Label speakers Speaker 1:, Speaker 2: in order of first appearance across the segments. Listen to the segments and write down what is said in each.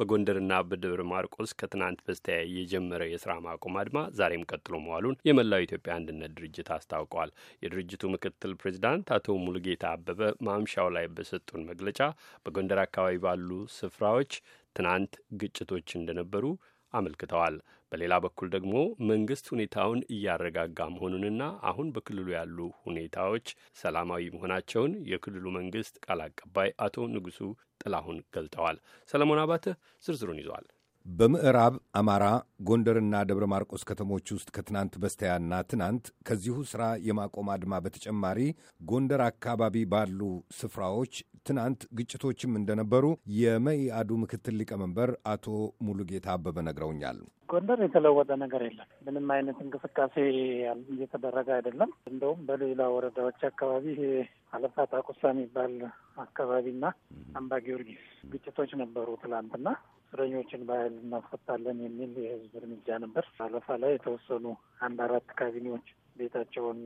Speaker 1: በጎንደርና በደብረ ማርቆስ ከትናንት በስቲያ የጀመረ የስራ ማቆም አድማ ዛሬም ቀጥሎ መዋሉን የመላው ኢትዮጵያ አንድነት ድርጅት አስታውቋል። የድርጅቱ ምክትል ፕሬዚዳንት አቶ ሙሉጌታ አበበ ማምሻው ላይ በሰጡን መግለጫ በጎንደር አካባቢ ባሉ ስፍራዎች ትናንት ግጭቶች እንደነበሩ አመልክተዋል። በሌላ በኩል ደግሞ መንግስት ሁኔታውን እያረጋጋ መሆኑንና አሁን በክልሉ ያሉ ሁኔታዎች ሰላማዊ መሆናቸውን የክልሉ መንግስት ቃል አቀባይ አቶ ንጉሱ ጥላሁን ገልጠዋል። ሰለሞን
Speaker 2: አባተ ዝርዝሩን ይዘዋል። በምዕራብ አማራ ጎንደርና ደብረ ማርቆስ ከተሞች ውስጥ ከትናንት በስቲያና ትናንት ከዚሁ ሥራ የማቆም አድማ በተጨማሪ ጎንደር አካባቢ ባሉ ስፍራዎች ትናንት ግጭቶችም እንደነበሩ የመኢአዱ ምክትል ሊቀመንበር አቶ ሙሉጌታ አበበ ነግረውኛል።
Speaker 3: ጎንደር የተለወጠ ነገር የለም። ምንም አይነት እንቅስቃሴ እየተደረገ አይደለም። እንደውም በሌላ ወረዳዎች አካባቢ አለፋ ጣቁሳ የሚባል አካባቢና አምባ ጊዮርጊስ ግጭቶች ነበሩ ትላንትና እስረኞችን በኃይል እናስፈታለን የሚል የህዝብ እርምጃ ነበር። አለፋ ላይ የተወሰኑ አንድ አራት ካቢኔዎች ቤታቸውን፣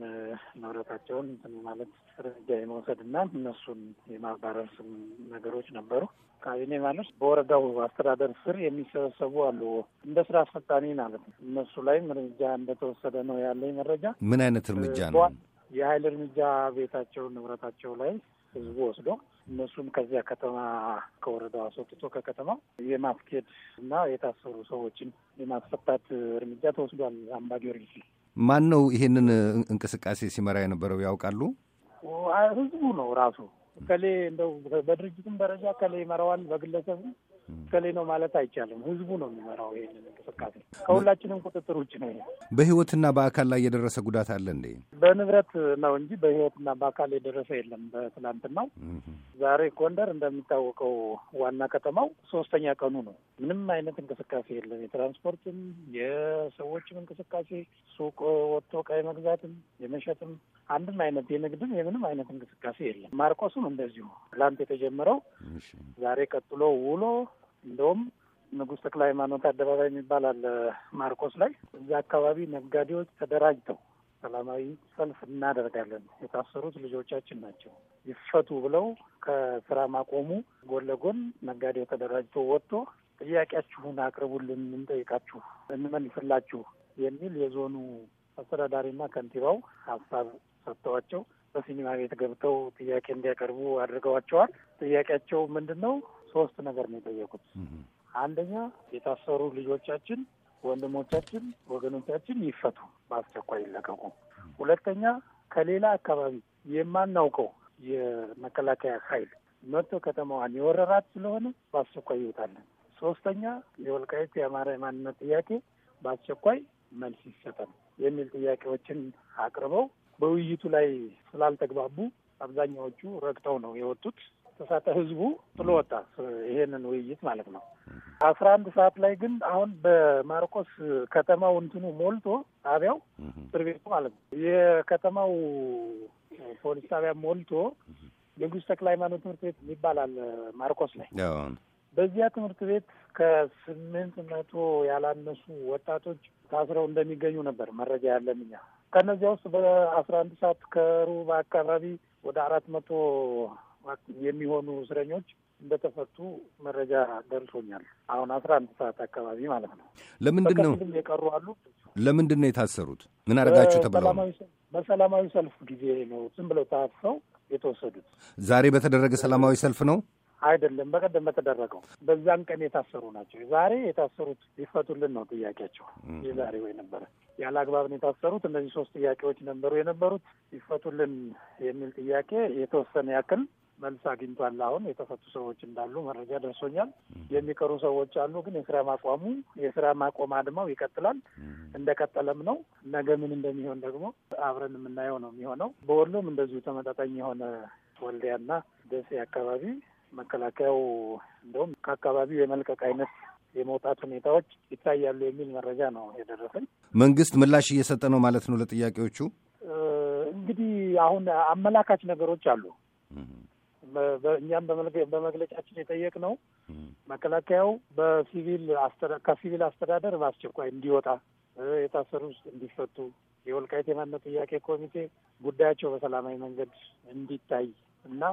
Speaker 3: ንብረታቸውን እንትን ማለት እርምጃ የመውሰድ እነሱን የማባረር ስም ነገሮች ነበሩ። ካቢኔ ማለት በወረዳው አስተዳደር ስር የሚሰበሰቡ አሉ፣ እንደ ስራ አስፈጣኒ ማለት ነው። እነሱ ላይም እርምጃ እንደተወሰደ ነው ያለኝ መረጃ።
Speaker 2: ምን አይነት እርምጃ ነው?
Speaker 3: የኃይል እርምጃ ቤታቸው ንብረታቸው ላይ ህዝቡ ወስዶ እነሱም ከዚያ ከተማ ከወረዳው አስወጥቶ ከከተማው የማስኬድ እና የታሰሩ ሰዎችን የማስፈታት እርምጃ ተወስዷል። አምባ ጊዮርጊስ
Speaker 2: ማን ነው ይሄንን እንቅስቃሴ ሲመራ የነበረው ያውቃሉ?
Speaker 3: ህዝቡ ነው ራሱ። ከሌ እንደው በድርጅትም ደረጃ ከሌ ይመራዋል፣ በግለሰብም ከሌ ነው ማለት አይቻልም። ህዝቡ ነው የሚመራው ይህንን እንቅስቃሴ። ከሁላችንም ቁጥጥር ውጭ ነው።
Speaker 2: በህይወትና በአካል ላይ የደረሰ ጉዳት አለ እንዴ?
Speaker 3: በንብረት ነው እንጂ በህይወትና በአካል የደረሰ የለም። በትናንትናው ዛሬ ጎንደር እንደሚታወቀው ዋና ከተማው ሶስተኛ ቀኑ ነው። ምንም አይነት እንቅስቃሴ የለም። የትራንስፖርትም የሰዎችም እንቅስቃሴ ሱቅ ወጥቶ ቀይ መግዛትም የመሸጥም አንድም አይነት የንግድም የምንም አይነት እንቅስቃሴ የለም። ማርቆሱም እንደዚሁ ትላንት የተጀመረው ዛሬ ቀጥሎ ውሎ እንደውም ንጉሥ ተክለ ሃይማኖት አደባባይ የሚባል አለ ማርቆስ ላይ። እዚያ አካባቢ ነጋዴዎች ተደራጅተው ሰላማዊ ሰልፍ እናደርጋለን፣ የታሰሩት ልጆቻችን ናቸው ይፈቱ ብለው ከስራ ማቆሙ ጎን ለጎን ነጋዴው ተደራጅቶ ወጥቶ ጥያቄያችሁን አቅርቡልን፣ እንጠይቃችሁ፣ እንመልስላችሁ የሚል የዞኑ አስተዳዳሪና ከንቲባው ሀሳብ ሰጥተዋቸው በሲኒማ ቤት ገብተው ጥያቄ እንዲያቀርቡ አድርገዋቸዋል። ጥያቄያቸው ምንድን ነው? ሶስት ነገር ነው የጠየቁት። አንደኛ የታሰሩ ልጆቻችን፣ ወንድሞቻችን፣ ወገኖቻችን ይፈቱ፣ በአስቸኳይ ይለቀቁ። ሁለተኛ ከሌላ አካባቢ የማናውቀው የመከላከያ ኃይል መጥቶ ከተማዋን የወረራት ስለሆነ በአስቸኳይ ይወጣለን። ሶስተኛ የወልቃይት የአማራ የማንነት ጥያቄ በአስቸኳይ መልስ ይሰጠን የሚል ጥያቄዎችን አቅርበው በውይይቱ ላይ ስላልተግባቡ አብዛኛዎቹ ረግጠው ነው የወጡት። ተሳተ ህዝቡ ጥሎ ወጣ። ይሄንን ውይይት ማለት ነው። አስራ አንድ ሰዓት ላይ ግን አሁን በማርቆስ ከተማው እንትኑ ሞልቶ ጣቢያው እስር ቤቱ ማለት ነው የከተማው ፖሊስ ጣቢያ ሞልቶ ንጉሥ ተክለ ሃይማኖት ትምህርት ቤት ይባላል ማርቆስ ላይ በዚያ ትምህርት ቤት ከስምንት መቶ ያላነሱ ወጣቶች ታስረው እንደሚገኙ ነበር መረጃ ያለን እኛ። ከእነዚያ ውስጥ በአስራ አንድ ሰዓት ከሩብ አካባቢ ወደ አራት መቶ የሚሆኑ እስረኞች እንደተፈቱ መረጃ ደርሶኛል። አሁን አስራ አንድ ሰዓት አካባቢ ማለት ነው። ለምንድን ነው የቀሩ አሉ?
Speaker 2: ለምንድን ነው የታሰሩት? ምን አደረጋችሁ ተብለው?
Speaker 3: በሰላማዊ ሰልፍ ጊዜ ነው ዝም ብለው ታፍሰው የተወሰዱት። ዛሬ በተደረገ
Speaker 2: ሰላማዊ ሰልፍ ነው
Speaker 3: አይደለም፣ በቀደም በተደረገው በዛን ቀን የታሰሩ ናቸው። ዛሬ የታሰሩት ሊፈቱልን ነው ጥያቄያቸው። የዛሬ ወይ ነበረ ያለ አግባብ ነው የታሰሩት። እነዚህ ሶስት ጥያቄዎች ነበሩ የነበሩት ሊፈቱልን የሚል ጥያቄ የተወሰነ ያክል መልስ አግኝቷል። አሁን የተፈቱ ሰዎች እንዳሉ መረጃ ደርሶኛል። የሚቀሩ ሰዎች አሉ። ግን የስራ ማቋሙ የስራ ማቆም አድማው ይቀጥላል፣ እንደቀጠለም ነው። ነገ ምን እንደሚሆን ደግሞ አብረን የምናየው ነው የሚሆነው። በወሎም እንደዚሁ ተመጣጣኝ የሆነ ወልዲያና ደሴ አካባቢ መከላከያው እንደውም ከአካባቢው የመልቀቅ አይነት የመውጣት ሁኔታዎች ይታያሉ የሚል መረጃ ነው የደረሰኝ።
Speaker 2: መንግስት ምላሽ እየሰጠ ነው ማለት ነው ለጥያቄዎቹ።
Speaker 3: እንግዲህ አሁን አመላካች ነገሮች አሉ እኛም በመግለጫችን የጠየቅ ነው። መከላከያው በሲቪል ከሲቪል አስተዳደር በአስቸኳይ እንዲወጣ፣ የታሰሩ እንዲፈቱ፣ የወልቃይት የማንነት ጥያቄ ኮሚቴ ጉዳያቸው በሰላማዊ መንገድ እንዲታይ እና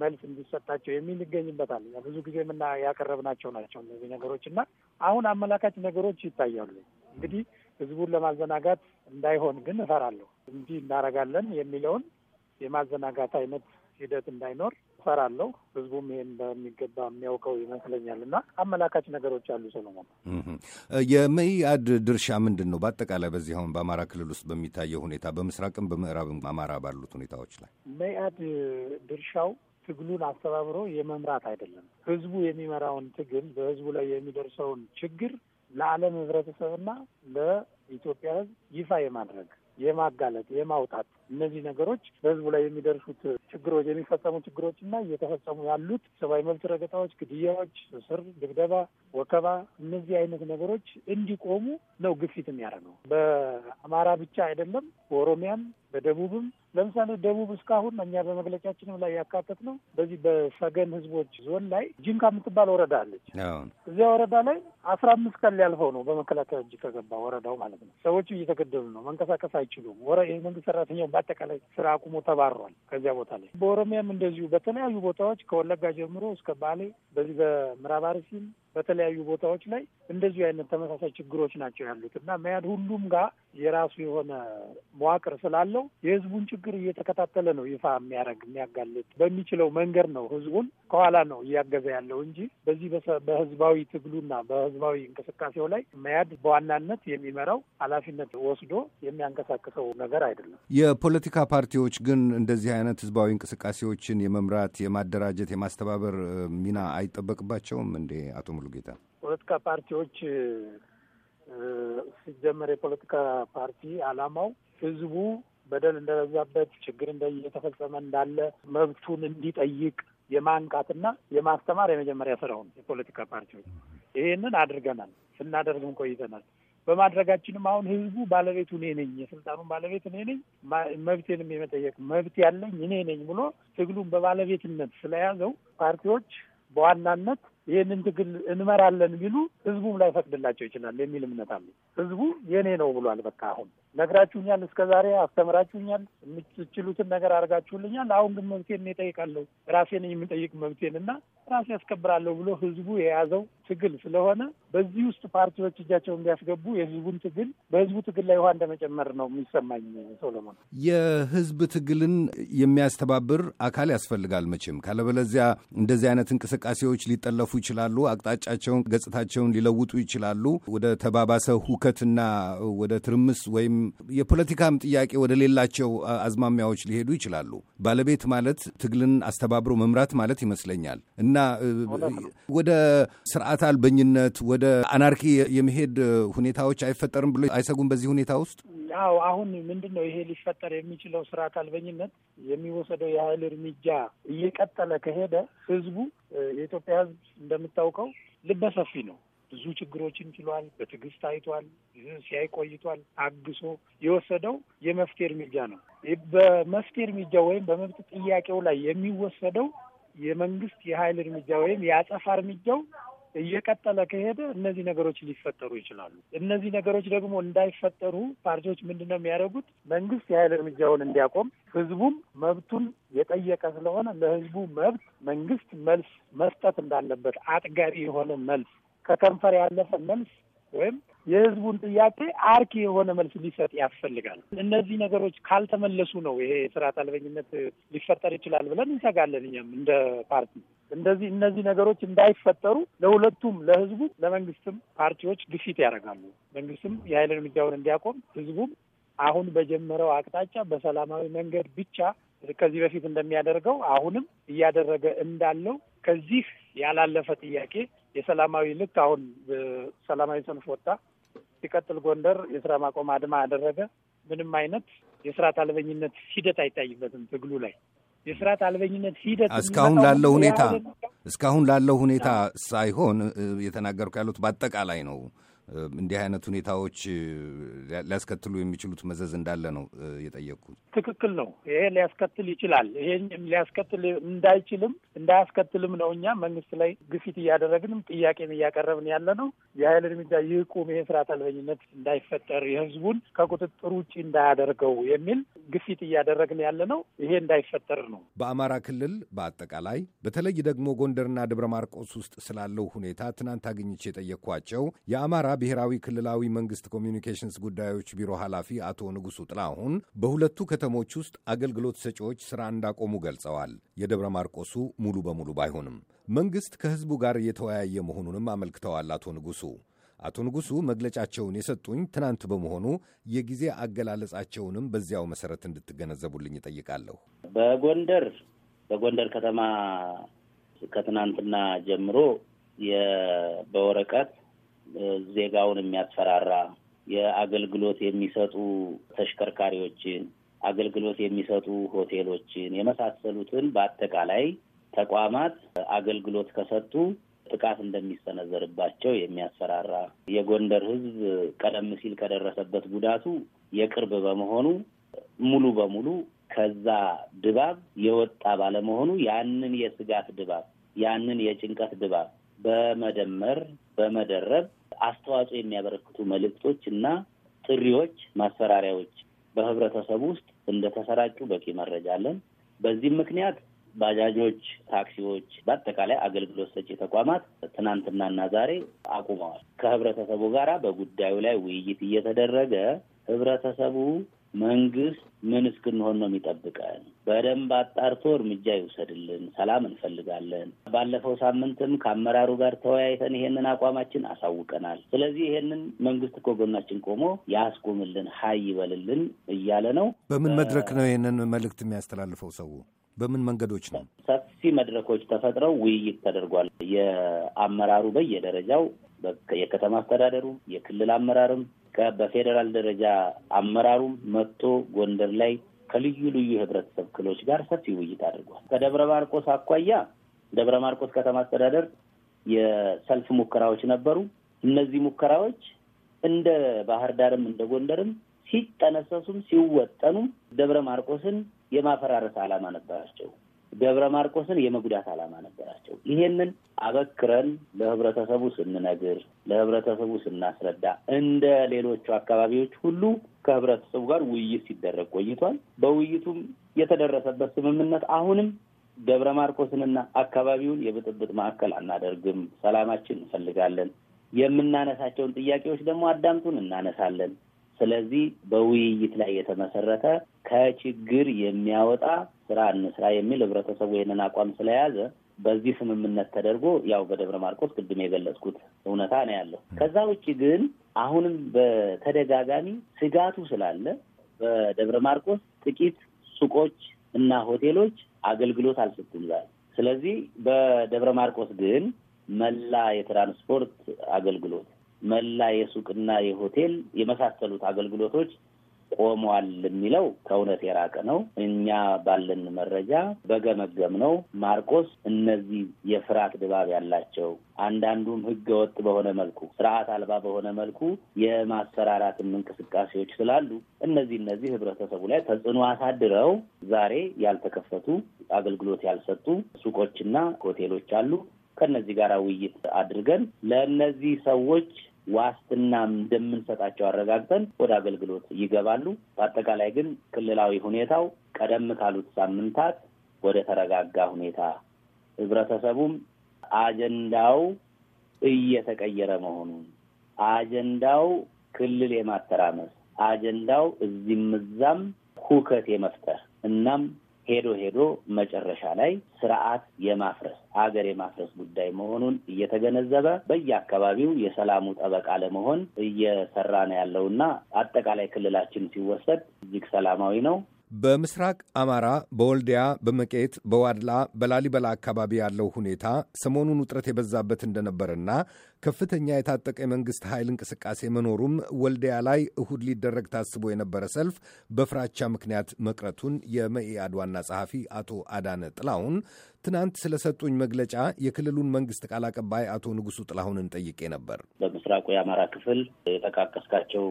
Speaker 3: መልስ እንዲሰጣቸው የሚል ይገኝበታል። ብዙ ጊዜም እና ያቀረብናቸው ናቸው እነዚህ ነገሮች እና አሁን አመላካች ነገሮች ይታያሉ። እንግዲህ ህዝቡን ለማዘናጋት እንዳይሆን ግን እፈራለሁ። እንዲህ እናደርጋለን የሚለውን የማዘናጋት አይነት ሂደት እንዳይኖር እፈራለሁ። ህዝቡም ይሄን በሚገባ የሚያውቀው ይመስለኛል እና አመላካች ነገሮች አሉ። ሰሎሞን፣
Speaker 2: የመኢአድ ድርሻ ምንድን ነው? በአጠቃላይ በዚህ አሁን በአማራ ክልል ውስጥ በሚታየው ሁኔታ በምስራቅም በምዕራብም አማራ ባሉት ሁኔታዎች ላይ
Speaker 3: መኢአድ ድርሻው ትግሉን አስተባብሮ የመምራት አይደለም። ህዝቡ የሚመራውን ትግል በህዝቡ ላይ የሚደርሰውን ችግር ለዓለም ህብረተሰብና ለኢትዮጵያ ህዝብ ይፋ የማድረግ የማጋለጥ፣ የማውጣት እነዚህ ነገሮች በህዝቡ ላይ የሚደርሱት ችግሮች፣ የሚፈጸሙ ችግሮች እና እየተፈጸሙ ያሉት ሰብአዊ መብት ረገጣዎች፣ ግድያዎች፣ እስር፣ ድብደባ፣ ወከባ እነዚህ አይነት ነገሮች እንዲቆሙ ነው ግፊት የሚያደርገው። በአማራ ብቻ አይደለም፣ በኦሮሚያም በደቡብም ለምሳሌ ደቡብ እስካሁን እኛ በመግለጫችንም ላይ ያካተት ነው። በዚህ በሰገን ህዝቦች ዞን ላይ ጂንካ የምትባል ወረዳ አለች። እዚያ ወረዳ ላይ አስራ አምስት ቀን ሊያልፈው ነው በመከላከያ እጅ ተገባ ወረዳው ማለት ነው። ሰዎቹ እየተገደሉ ነው። መንቀሳቀስ አይችሉም። ወረ የመንግስት ሰራተኛው በአጠቃላይ ስራ አቁሞ ተባሯል ከዚያ ቦታ ላይ። በኦሮሚያም እንደዚሁ በተለያዩ ቦታዎች ከወለጋ ጀምሮ እስከ ባሌ በዚህ በምዕራብ አርሲም በተለያዩ ቦታዎች ላይ እንደዚሁ አይነት ተመሳሳይ ችግሮች ናቸው ያሉት እና መያድ ሁሉም ጋር የራሱ የሆነ መዋቅር ስላለው የህዝቡን ችግር እየተከታተለ ነው ይፋ የሚያደርግ የሚያጋልጥ በሚችለው መንገድ ነው ህዝቡን ከኋላ ነው እያገዘ ያለው እንጂ በዚህ በህዝባዊ ትግሉና በህዝባዊ እንቅስቃሴው ላይ መያድ በዋናነት የሚመራው ኃላፊነት ወስዶ የሚያንቀሳቅሰው ነገር አይደለም።
Speaker 2: የፖለቲካ ፓርቲዎች ግን እንደዚህ አይነት ህዝባዊ እንቅስቃሴዎችን የመምራት የማደራጀት፣ የማስተባበር ሚና አይጠበቅባቸውም እንዴ አቶ ሙሉ ጌታ
Speaker 3: ፖለቲካ ፓርቲዎች ሲጀመር የፖለቲካ ፓርቲ አላማው ህዝቡ በደል እንደበዛበት ችግር እንደ እየተፈጸመ እንዳለ መብቱን እንዲጠይቅ የማንቃትና የማስተማር የመጀመሪያ ስራው ነው። የፖለቲካ ፓርቲዎች ይሄንን አድርገናል፣ ስናደርግም ቆይተናል። በማድረጋችንም አሁን ህዝቡ ባለቤቱ እኔ ነኝ፣ የስልጣኑን ባለቤት እኔ ነኝ፣ መብቴንም የመጠየቅ መብት ያለኝ እኔ ነኝ ብሎ ትግሉን በባለቤትነት ስለያዘው ፓርቲዎች በዋናነት ይህንን ትግል እንመራለን ቢሉ ህዝቡም ላይፈቅድላቸው ይችላል የሚል እምነት አለ። ህዝቡ የኔ ነው ብሏል። በቃ አሁን ነግራችሁኛል፣ እስከ ዛሬ አስተምራችሁኛል፣ የምትችሉትን ነገር አድርጋችሁልኛል። አሁን ግን መብቴን እጠይቃለሁ፣ ራሴን የምጠይቅ መብቴን እና ራሴ ያስከብራለሁ ብሎ ህዝቡ የያዘው ትግል ስለሆነ በዚህ ውስጥ ፓርቲዎች እጃቸውን ቢያስገቡ የህዝቡን ትግል በህዝቡ ትግል ላይ ውሃ እንደመጨመር ነው የሚሰማኝ። ሶሎሞን፣
Speaker 2: የህዝብ ትግልን የሚያስተባብር አካል ያስፈልጋል መቼም። ካለበለዚያ እንደዚህ አይነት እንቅስቃሴዎች ሊጠለፉ ይችላሉ፣ አቅጣጫቸውን ገጽታቸውን ሊለውጡ ይችላሉ። ወደ ተባባሰ ሁከትና ወደ ትርምስ ወይም የፖለቲካም ጥያቄ ወደ ሌላቸው አዝማሚያዎች ሊሄዱ ይችላሉ። ባለቤት ማለት ትግልን አስተባብሮ መምራት ማለት ይመስለኛል እና ወደ ስርዓት አልበኝነት ወደ አናርኪ የመሄድ ሁኔታዎች አይፈጠርም ብሎ አይሰጉም። በዚህ ሁኔታ ውስጥ
Speaker 3: አዎ፣ አሁን ምንድን ነው ይሄ ሊፈጠር የሚችለው ስርዓት አልበኝነት የሚወሰደው የኃይል እርምጃ እየቀጠለ ከሄደ ህዝቡ የኢትዮጵያ ህዝብ እንደምታውቀው ልበሰፊ ነው። ብዙ ችግሮችን ችሏል። በትዕግስት አይቷል፣ ሲያይ ቆይቷል። አግሶ የወሰደው የመፍትሄ እርምጃ ነው። በመፍትሄ እርምጃ ወይም በመብት ጥያቄው ላይ የሚወሰደው የመንግስት የኃይል እርምጃ ወይም የአጸፋ እርምጃው እየቀጠለ ከሄደ እነዚህ ነገሮች ሊፈጠሩ ይችላሉ። እነዚህ ነገሮች ደግሞ እንዳይፈጠሩ ፓርቲዎች ምንድን ነው የሚያደርጉት? መንግስት የኃይል እርምጃውን እንዲያቆም፣ ህዝቡም መብቱን የጠየቀ ስለሆነ ለህዝቡ መብት መንግስት መልስ መስጠት እንዳለበት አጥጋቢ የሆነ መልስ ከከንፈር ያለፈ መልስ ወይም የህዝቡን ጥያቄ አርኪ የሆነ መልስ ሊሰጥ ያስፈልጋል። እነዚህ ነገሮች ካልተመለሱ ነው ይሄ የስርዓት አልበኝነት ሊፈጠር ይችላል ብለን እንሰጋለን። እኛም እንደ ፓርቲ እንደዚህ እነዚህ ነገሮች እንዳይፈጠሩ ለሁለቱም ለህዝቡ፣ ለመንግስትም ፓርቲዎች ግፊት ያደርጋሉ። መንግስትም የሀይል እርምጃውን እንዲያቆም፣ ህዝቡም አሁን በጀመረው አቅጣጫ በሰላማዊ መንገድ ብቻ ከዚህ በፊት እንደሚያደርገው አሁንም እያደረገ እንዳለው ከዚህ ያላለፈ ጥያቄ የሰላማዊ ልክ አሁን ሰላማዊ ሰልፍ ወጣ፣ ሲቀጥል ጎንደር የስራ ማቆም አድማ አደረገ። ምንም አይነት የስርዓት አልበኝነት ሂደት አይታይበትም ትግሉ ላይ የስርዓት አልበኝነት ሂደት እስካሁን ላለው ሁኔታ
Speaker 2: እስካሁን ላለው ሁኔታ ሳይሆን የተናገርኩ ያሉት በአጠቃላይ ነው። እንዲህ አይነት ሁኔታዎች ሊያስከትሉ የሚችሉት መዘዝ እንዳለ ነው የጠየቅኩት።
Speaker 3: ትክክል ነው። ይሄ ሊያስከትል ይችላል። ይሄ ሊያስከትል እንዳይችልም እንዳያስከትልም ነው እኛ መንግስት ላይ ግፊት እያደረግንም ጥያቄም እያቀረብን ያለ ነው። የሀይል እርምጃ ይቁም፣ ይሄ ስርዓት አልበኝነት እንዳይፈጠር፣ የህዝቡን ከቁጥጥር ውጭ እንዳያደርገው የሚል ግፊት እያደረግን ያለ ነው። ይሄ እንዳይፈጠር ነው።
Speaker 2: በአማራ ክልል በአጠቃላይ በተለይ ደግሞ ጎንደርና ደብረ ማርቆስ ውስጥ ስላለው ሁኔታ ትናንት አግኝቼ የጠየኳቸው የአማራ ብሔራዊ ክልላዊ መንግስት ኮሚኒኬሽንስ ጉዳዮች ቢሮ ኃላፊ አቶ ንጉሱ ጥላሁን በሁለቱ ከተሞች ውስጥ አገልግሎት ሰጪዎች ስራ እንዳቆሙ ገልጸዋል። የደብረ ማርቆሱ ሙሉ በሙሉ ባይሆንም መንግስት ከህዝቡ ጋር የተወያየ መሆኑንም አመልክተዋል አቶ ንጉሱ አቶ ንጉሱ መግለጫቸውን የሰጡኝ ትናንት በመሆኑ የጊዜ አገላለጻቸውንም በዚያው መሰረት እንድትገነዘቡልኝ እጠይቃለሁ።
Speaker 1: በጎንደር በጎንደር ከተማ ከትናንትና ጀምሮ በወረቀት ዜጋውን የሚያስፈራራ የአገልግሎት የሚሰጡ ተሽከርካሪዎችን፣ አገልግሎት የሚሰጡ ሆቴሎችን የመሳሰሉትን በአጠቃላይ ተቋማት አገልግሎት ከሰጡ ጥቃት እንደሚሰነዘርባቸው የሚያሰራራ የጎንደር ህዝብ ቀደም ሲል ከደረሰበት ጉዳቱ የቅርብ በመሆኑ ሙሉ በሙሉ ከዛ ድባብ የወጣ ባለመሆኑ ያንን የስጋት ድባብ ያንን የጭንቀት ድባብ በመደመር በመደረብ አስተዋጽኦ የሚያበረክቱ መልእክቶች እና ጥሪዎች፣ ማስፈራሪያዎች በህብረተሰቡ ውስጥ እንደተሰራጩ በቂ መረጃ አለን። በዚህም ምክንያት ባጃጆች፣ ታክሲዎች፣ በአጠቃላይ አገልግሎት ሰጪ ተቋማት ትናንትናና ዛሬ አቁመዋል። ከህብረተሰቡ ጋር በጉዳዩ ላይ ውይይት እየተደረገ ህብረተሰቡ መንግስት ምን እስክንሆን ነው የሚጠብቀን? በደንብ አጣርቶ እርምጃ ይውሰድልን። ሰላም እንፈልጋለን። ባለፈው ሳምንትም ከአመራሩ ጋር ተወያይተን ይሄንን አቋማችን አሳውቀናል። ስለዚህ ይሄንን መንግስት እኮ ጎናችን ቆሞ ያስቁምልን፣ ሀይ ይበልልን እያለ ነው።
Speaker 2: በምን መድረክ ነው ይሄንን መልእክት የሚያስተላልፈው ሰው በምን መንገዶች ነው?
Speaker 1: ሰፊ መድረኮች ተፈጥረው ውይይት ተደርጓል። የአመራሩ በየደረጃው የከተማ አስተዳደሩ፣ የክልል አመራርም በፌዴራል ደረጃ አመራሩም መጥቶ ጎንደር ላይ ከልዩ ልዩ የህብረተሰብ ክሎች ጋር ሰፊ ውይይት አድርጓል። ከደብረ ማርቆስ አኳያ ደብረ ማርቆስ ከተማ አስተዳደር የሰልፍ ሙከራዎች ነበሩ። እነዚህ ሙከራዎች እንደ ባህር ዳርም እንደ ጎንደርም ሲጠነሰሱም ሲወጠኑም ደብረ ማርቆስን የማፈራረስ ዓላማ ነበራቸው። ደብረ ማርቆስን የመጉዳት ዓላማ ነበራቸው። ይሄንን አበክረን ለህብረተሰቡ ስንነግር፣ ለህብረተሰቡ ስናስረዳ እንደ ሌሎቹ አካባቢዎች ሁሉ ከህብረተሰቡ ጋር ውይይት ሲደረግ ቆይቷል። በውይይቱም የተደረሰበት ስምምነት አሁንም ደብረ ማርቆስንና አካባቢውን የብጥብጥ ማዕከል አናደርግም፣ ሰላማችን እንፈልጋለን፣ የምናነሳቸውን ጥያቄዎች ደግሞ አዳምጡን፣ እናነሳለን ስለዚህ በውይይት ላይ የተመሰረተ ከችግር የሚያወጣ ስራ እንስራ የሚል ህብረተሰቡ ይህንን አቋም ስለያዘ በዚህ ስምምነት ተደርጎ ያው በደብረ ማርቆስ ቅድም የገለጽኩት እውነታ ነው ያለው። ከዛ ውጭ ግን አሁንም በተደጋጋሚ ስጋቱ ስላለ በደብረ ማርቆስ ጥቂት ሱቆች እና ሆቴሎች አገልግሎት አልሰጡም ዛሬ። ስለዚህ በደብረ ማርቆስ ግን መላ የትራንስፖርት አገልግሎት መላ የሱቅና የሆቴል የመሳሰሉት አገልግሎቶች ቆመዋል የሚለው ከእውነት የራቀ ነው። እኛ ባለን መረጃ በገመገም ነው ማርቆስ እነዚህ የፍርሃት ድባብ ያላቸው አንዳንዱም ሕገ ወጥ በሆነ መልኩ ስርዓት አልባ በሆነ መልኩ የማሰራራትም እንቅስቃሴዎች ስላሉ እነዚህ እነዚህ ህብረተሰቡ ላይ ተጽዕኖ አሳድረው ዛሬ ያልተከፈቱ አገልግሎት ያልሰጡ ሱቆችና ሆቴሎች አሉ። ከነዚህ ጋር ውይይት አድርገን ለእነዚህ ሰዎች ዋስትና እንደምንሰጣቸው አረጋግጠን ወደ አገልግሎት ይገባሉ። በአጠቃላይ ግን ክልላዊ ሁኔታው ቀደም ካሉት ሳምንታት ወደ ተረጋጋ ሁኔታ ህብረተሰቡም አጀንዳው እየተቀየረ መሆኑን አጀንዳው ክልል የማተራመስ አጀንዳው እዚህም እዛም ሁከት የመፍጠር እናም ሄዶ ሄዶ መጨረሻ ላይ ስርዓት የማፍረስ አገር የማፍረስ ጉዳይ መሆኑን እየተገነዘበ በየአካባቢው የሰላሙ ጠበቃ ለመሆን እየሰራ ነው ያለውና አጠቃላይ ክልላችን ሲወሰድ እጅግ ሰላማዊ ነው።
Speaker 2: በምስራቅ አማራ በወልዲያ በመቄት በዋድላ በላሊበላ አካባቢ ያለው ሁኔታ ሰሞኑን ውጥረት የበዛበት እንደነበርና ከፍተኛ የታጠቀ የመንግሥት ኃይል እንቅስቃሴ መኖሩም ወልዲያ ላይ እሁድ ሊደረግ ታስቦ የነበረ ሰልፍ በፍራቻ ምክንያት መቅረቱን የመኢአድ ዋና ጸሐፊ አቶ አዳነ ጥላሁን ትናንት ስለሰጡኝ መግለጫ የክልሉን መንግስት ቃል አቀባይ አቶ ንጉሱ ጥላሁንን ጠይቄ ነበር።
Speaker 1: በምስራቁ የአማራ ክፍል የጠቃቀስካቸው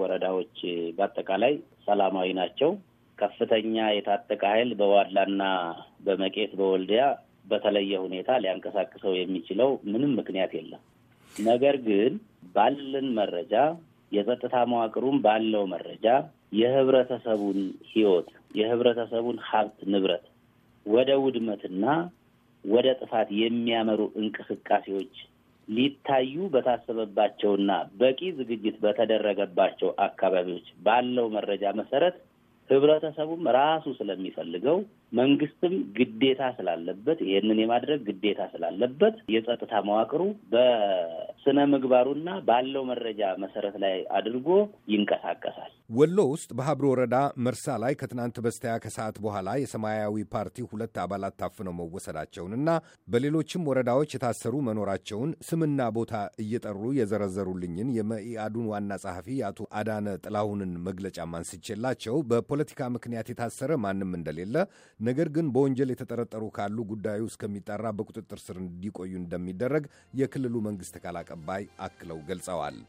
Speaker 1: ወረዳዎች በአጠቃላይ ሰላማዊ ናቸው። ከፍተኛ የታጠቀ ኃይል በዋላና በመቄት በወልዲያ በተለየ ሁኔታ ሊያንቀሳቅሰው የሚችለው ምንም ምክንያት የለም። ነገር ግን ባለን መረጃ የጸጥታ መዋቅሩም ባለው መረጃ የህብረተሰቡን ህይወት የህብረተሰቡን ሀብት ንብረት ወደ ውድመትና ወደ ጥፋት የሚያመሩ እንቅስቃሴዎች ሊታዩ በታሰበባቸውና በቂ ዝግጅት በተደረገባቸው አካባቢዎች ባለው መረጃ መሰረት ህብረተሰቡም ራሱ ስለሚፈልገው መንግስትም ግዴታ ስላለበት ይህንን የማድረግ ግዴታ ስላለበት የጸጥታ መዋቅሩ በስነ ምግባሩና ባለው መረጃ መሰረት ላይ አድርጎ ይንቀሳቀሳል።
Speaker 2: ወሎ ውስጥ በሀብሮ ወረዳ መርሳ ላይ ከትናንት በስቲያ ከሰዓት በኋላ የሰማያዊ ፓርቲ ሁለት አባላት ታፍነው መወሰዳቸውንና በሌሎችም ወረዳዎች የታሰሩ መኖራቸውን ስምና ቦታ እየጠሩ የዘረዘሩልኝን የመኢአዱን ዋና ጸሐፊ የአቶ አዳነ ጥላሁንን መግለጫ ማንስቼላቸው በፖለቲካ ምክንያት የታሰረ ማንም እንደሌለ፣ ነገር ግን በወንጀል የተጠረጠሩ ካሉ ጉዳዩ እስከሚጣራ በቁጥጥር ስር እንዲቆዩ እንደሚደረግ የክልሉ መንግስት ቃል አቀባይ አክለው ገልጸዋል።